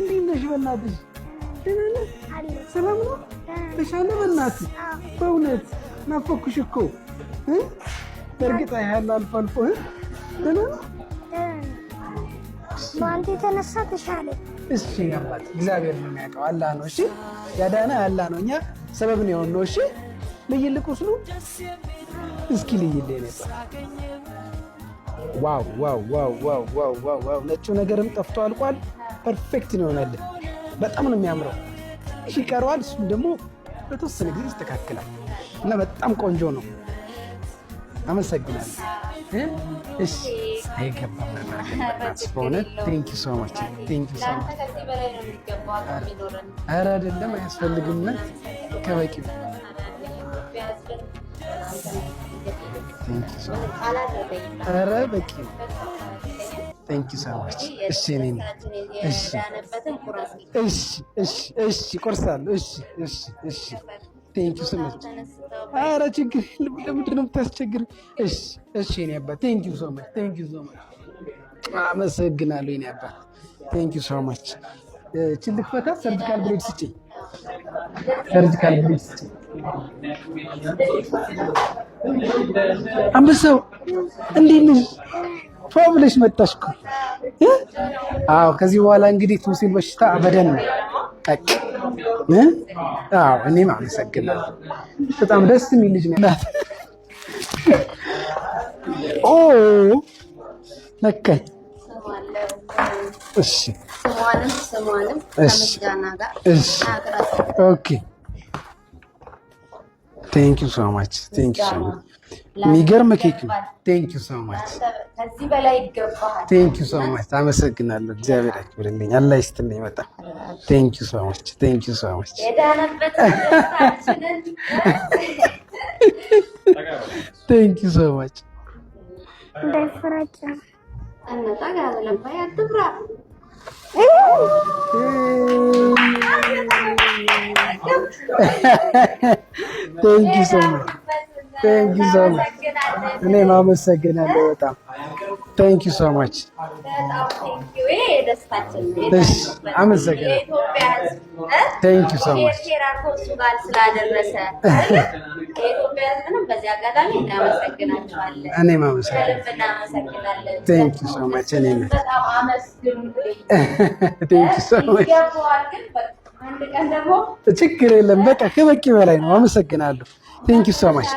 እንዴት ነሽ? በእናትሽ ደህና ነሽ? ሰላም ነው? ተሻለ? በእናትሽ በእውነት ናፈኩሽ እኮ በእርግጥ ያህል አልፎ አልፎ ደህና ነው በአንተ የተነሳ ተሻለ። እሺ አባት እግዚአብሔር ነው የሚያውቀው። አላህ ነው እሺ፣ ያዳነ አላህ ነው። እኛ ሰበብ ነው የሆነው። እሺ ልይልቅ ቁስሉ እስኪ ልይልህ ነበር። ዋው ዋው ዋው ዋው ዋው ዋው! ነጭው ነገርም ጠፍቶ አልቋል። ፐርፌክት ነው በጣም ነው የሚያምረው። እሺ ይቀረዋል። እሱም ደግሞ በተወሰነ ጊዜ ይስተካከላል እና በጣም ቆንጆ ነው። አመሰግናለሁ። እሺ አይገባም። ከበቂ በቂ ቴንኪ ሶ ማች። እሺ እኔ እሺ እሺ እሺ እሺ ቆርሳለሁ። እሺ እሺ እሺ ቴንኪ ሶ ማች። ኧረ ችግር ለምንድን ነው የምታስቸግር? እሺ እሺ እኔ አባት ቴንኪ ሶ ማች። ቴንኪ ሶ ማች። አመሰግናለሁ እኔ አባት ቴንኪ ሶ ማች። ችልክ ፈታ ሰርጂካል ብሬድ ስጪኝ፣ ሰርጂካል ብሬድ ስጪኝ። አንበሳው እንዴት ነሽ? ብለሽ መጣሽ እኮ። አዎ ከዚህ በኋላ እንግዲህ ትውሲል በሽታ አበደን ነው። አዎ እኔም አመሰግናለሁ። በጣም ደስ የሚል ልጅ ናት። ኦ ነካኝ። እሺ እሺ ኦኬ ቴንክ ዩ ሶ ማች ቴንክ ዩ ሶ ማች የሚገርም ኬክ ነው። ቴንክ ዩ ሶ ማች ከዚህ በላይ ይገባሃል። ቴንክ ዩ ሶ ማች አመሰግናለሁ። እግዚአብሔር ያክብርልኝ። አላ ይስጥልኝ። በጣም ቴንክ ዩ ሶ ማች ቴንክ ዩ ሶ ማች ቴንክ ዩ ሶ ማች እንዳይፈራጭ ቴንኪ ሶ ቴንኪ ሶ እኔም አመሰግናለሁ በጣም ታንክ ዩ ሶ ማች ችግር የለም። በቃ ከበቂ በላይ ነው። አመሰግናለሁ። ቴንክ ዩ ሶ ማች።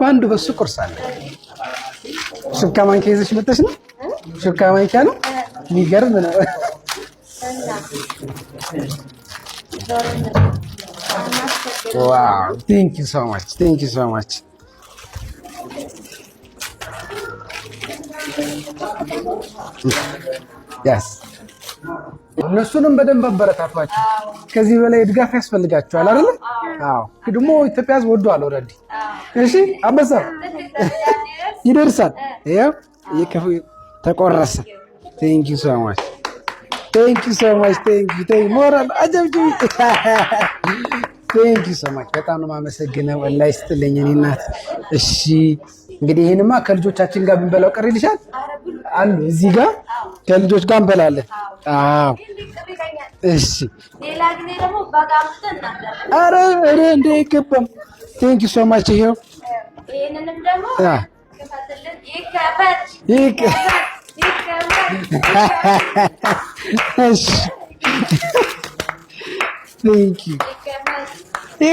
በአንዱ በሱ ቁርስ አለ። ሹካ ማንኪያ ይዘሽ መጥተሽ ነው? ሹካ ማንኪያ ነው። የሚገርም ነው። ዋው! ቴንክ ዩ ሶ ማች ቴንክ ዩ ሶ ማች። ያስ እነሱንም በደንብ አበረታቷቸው። ከዚህ በላይ ድጋፍ ያስፈልጋቸዋል አይደል? አዎ ደግሞ ኢትዮጵያ ሕዝብ ወዷል። ኦልሬዲ እሺ፣ አበሳ ይደርሳል። ተቆረሰ። ቴንኪው ሶ ማች ሶ ማች ሞራል አጀብጅብ ሶ ማች በጣም ነው የማመሰግነው። አላህ ይስጥልኝ እኔ እናት። እሺ እንግዲህ ይህንማ ከልጆቻችን ጋር ብንበላው ቀር ይልሻል አሉ። እዚህ ጋር ከልጆች ጋር እንበላለን። አዎ እሺ። ኧረ እኔ እንደ ይገባም ቴንኪው ሶ ማች ይሄው ይህ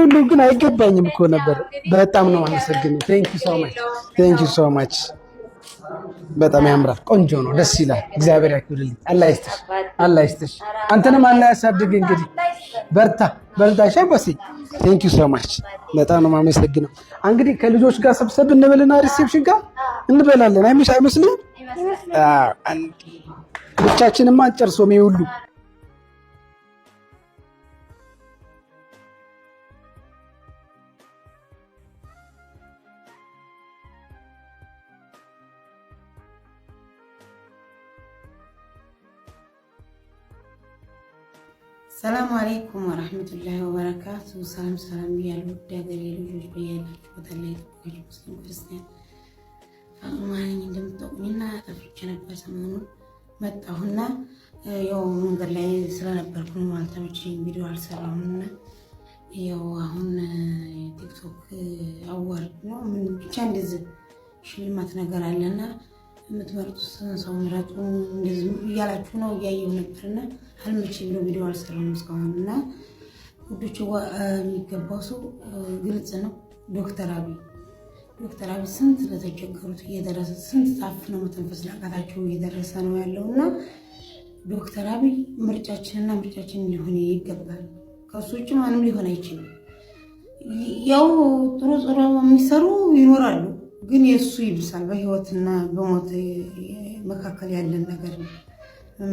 ሁሉ ግን አይገባኝም እኮ ነበር። በጣም ነው አመሰግነው። ቴንክ ዩ ሶ ማች ቴንክ ዩ ሶ ማች በጣም ያምራል። ቆንጆ ነው። ደስ ይላል። እግዚአብሔር ያክብርልኝ። አላህ ይስጥሽ፣ አላህ ይስጥሽ። አንተንም አላህ ያሳድግ። እንግዲህ በርታ፣ በርታ። ሸበሲ ቴንክ ዩ ሶ ማች በጣም ነው የማመሰግነው። እንግዲህ ከልጆች ጋር ሰብሰብ እንበልና ሪሴፕሽን ጋር እንበላለን። አይመስልም? ብቻችንማ አንጨርሶም ሁሉ ሰላም አለይኩም ወረህመቱላሂ ወበረካቱ። ሰላም ሰላም እያሉ ውድ ሀገሬ ልጆች በያላችሁ ቦታ ላይ ተቆዩ ሙስሊም ክርስቲያን አማኝ እንደምታውቁኝና ጠፍቼ ነበር። ሰሞኑን መጣሁና ያው መንገድ ላይ ስለነበርኩ ማለት ቪዲዮ አልሰራሁምና ያው አሁን ቲክቶክ አዋርድ ነው ምን ብቻ እንደዚህ ሽልማት ነገር አለና የምትመርጡትን ሰው ምረጡ እያላችሁ ነው እያየው ነበርና አልመቼ ብሎ ቪዲዮ አልሰራም እስካሁን እና ውዶች የሚገባው ሰው ግልጽ ነው። ዶክተር አብይ ዶክተር አብይ ስንት ለተቸገሩት እየደረሰ ስንት ታፍ ነው መተንፈስ ላቃታቸው እየደረሰ ነው ያለው እና ዶክተር አብይ ምርጫችንና ምርጫችን ሊሆን ይገባል። ከሱ ውጭ ማንም ሊሆን አይችልም። ያው ጥሩ ጥሩ የሚሰሩ ይኖራሉ ግን የእሱ ይብሳል። በህይወትና በሞት መካከል ያለን ነገር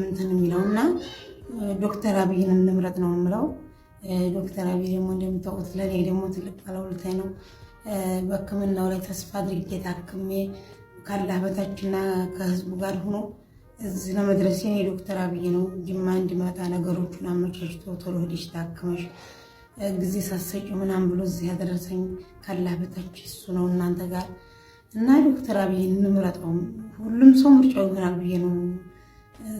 ምንትን የሚለው እና ዶክተር አብይን እንምረጥ ነው የምለው። ዶክተር አብይ ደግሞ እንደምታውቁት ለእኔ ደግሞ ትልቅ ባለውለታዬ ነው። በህክምናው ላይ ተስፋ አድርጌ ታክሜ ካላህ በታችና ከህዝቡ ጋር ሆኖ እዚህ ለመድረሴ ዶክተር አብይ ነው። ጅማ እንዲመጣ ነገሮቹን አመቻችቶ ቶሎ ሄደሽ ታክመሽ ጊዜ ሳሰጭ ምናምን ብሎ እዚህ ያደረሰኝ ካላህ በታች እሱ ነው እናንተ ጋር እና ዶክተር አብይን እንምረጠው ሁሉም ሰው ምርጫው ይሆናል ብዬ ነው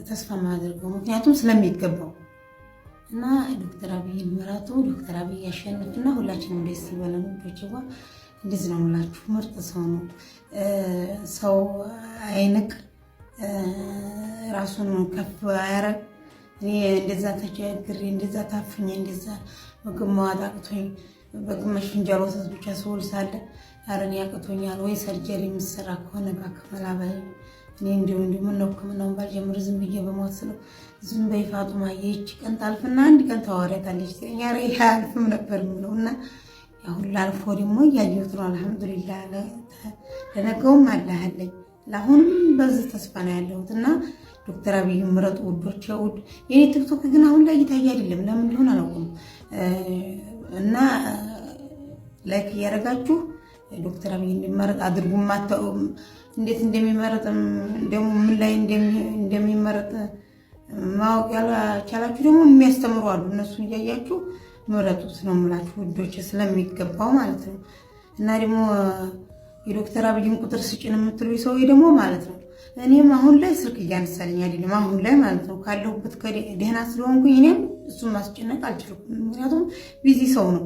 ተስፋ ማድረገው ምክንያቱም ስለሚገባው እና ዶክተር አብይ ምረጡ። ዶክተር አብይ ያሸንፍ ያሸንፍና ሁላችንም ደስ ይበለን። ዶችዋ እንደዚህ ነው ምላችሁ። ምርጥ ሰው ነው። ሰው አይንቅ፣ ራሱን ከፍ አያረግ። እኔ እንደዛ ተቸግሬ እንደዛ ታፍኜ እንደዛ ምግብ መዋጥ አቅቶኝ በግማሽ ፍንጃል ወተት ብቻ ስውል ሳለ አረን ያቅቶኛል ወይ ሰርጀሪ የሚሰራ ከሆነ እባክህ መላ በል። እኔ እንዲሁ እንዲሁ ነው ሕክምናውን ባልጀምር ዝም ብዬ በሞት ስለው ዝም በይ ፋጡማ ይህች ቀን ታልፍና አንድ ቀን ታዋሪያታለች ሲለኝ ኧረ ይሄ ነበር የምለው እና ያሁን ላልፎ ደግሞ እያየሁት ነው። አልሐምዱሊላ ለነገውም አላህለኝ ለአሁንም በዚህ ተስፋ ነው ያለሁት እና ዶክተር አብይ ምረጡ ውዶች ውድ የኔ ቲክቶክ ግን አሁን ላይ እየታየ አይደለም። ለምን ሊሆን አላውቅም እና ላይክ እያደረጋችሁ ዶክተር አብይ እንዲመረጥ አድርጉም አታውም። እንዴት እንደሚመረጥ ደግሞ ምን ላይ እንደሚመረጥ ማወቅ ያልቻላችሁ ደግሞ የሚያስተምሩ አሉ። እነሱ እያያችሁ ምረጡት ነው የምላችሁ ውዶች፣ ስለሚገባው ማለት ነው። እና ደግሞ የዶክተር አብይን ቁጥር ስጭን የምትሉ ሰው ደግሞ ማለት ነው እኔም አሁን ላይ ስልክ እያነሳልኝ አይደለም፣ አሁን ላይ ማለት ነው ካለሁበት ደህና ስለሆንኩኝ እኔም እሱን ማስጨነቅ አልችልም። ምክንያቱም ቢዚ ሰው ነው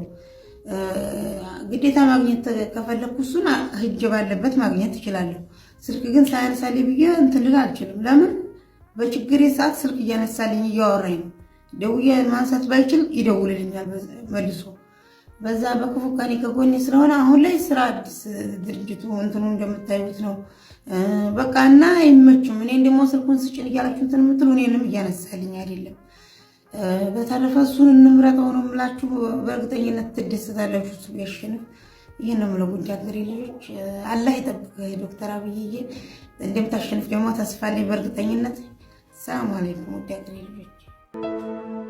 ግዴታ ማግኘት ከፈለግኩ እሱን ህጅ ባለበት ማግኘት እችላለሁ። ስልክ ግን ሳያነሳሌ ብዬ እንትን ልል አልችልም። ለምን በችግሬ ሰዓት ስልክ እያነሳልኝ እያወራኝ ነው። ደውዬ ማንሳት ባይችል ይደውልልኛል መልሶ። በዛ በክፉ ቀኔ ከጎኔ ስለሆነ አሁን ላይ ስራ አዲስ ድርጅቱ እንትኑ እንደምታዩት ነው። በቃ እና አይመችም። እኔ ደግሞ ስልኩን ስጭን እያላችሁ እንትን የምትሉ እኔንም እያነሳልኝ አይደለም በተረፈ እሱን እንምረጠው ነው የምላችሁ። በእርግጠኝነት ትደሰታላችሁ እሱ ቢያሸንፍ። ይህን ነው የምለው። ጉንጃ ሀገሬ ልጆች አላህ ይጠብቅህ ዶክተር አብይዬ እንደምታሸንፍ ደግሞ ተስፋ አለኝ በእርግጠኝነት። ሰላም አለይኩም ውድ ሀገሬ ልጆች።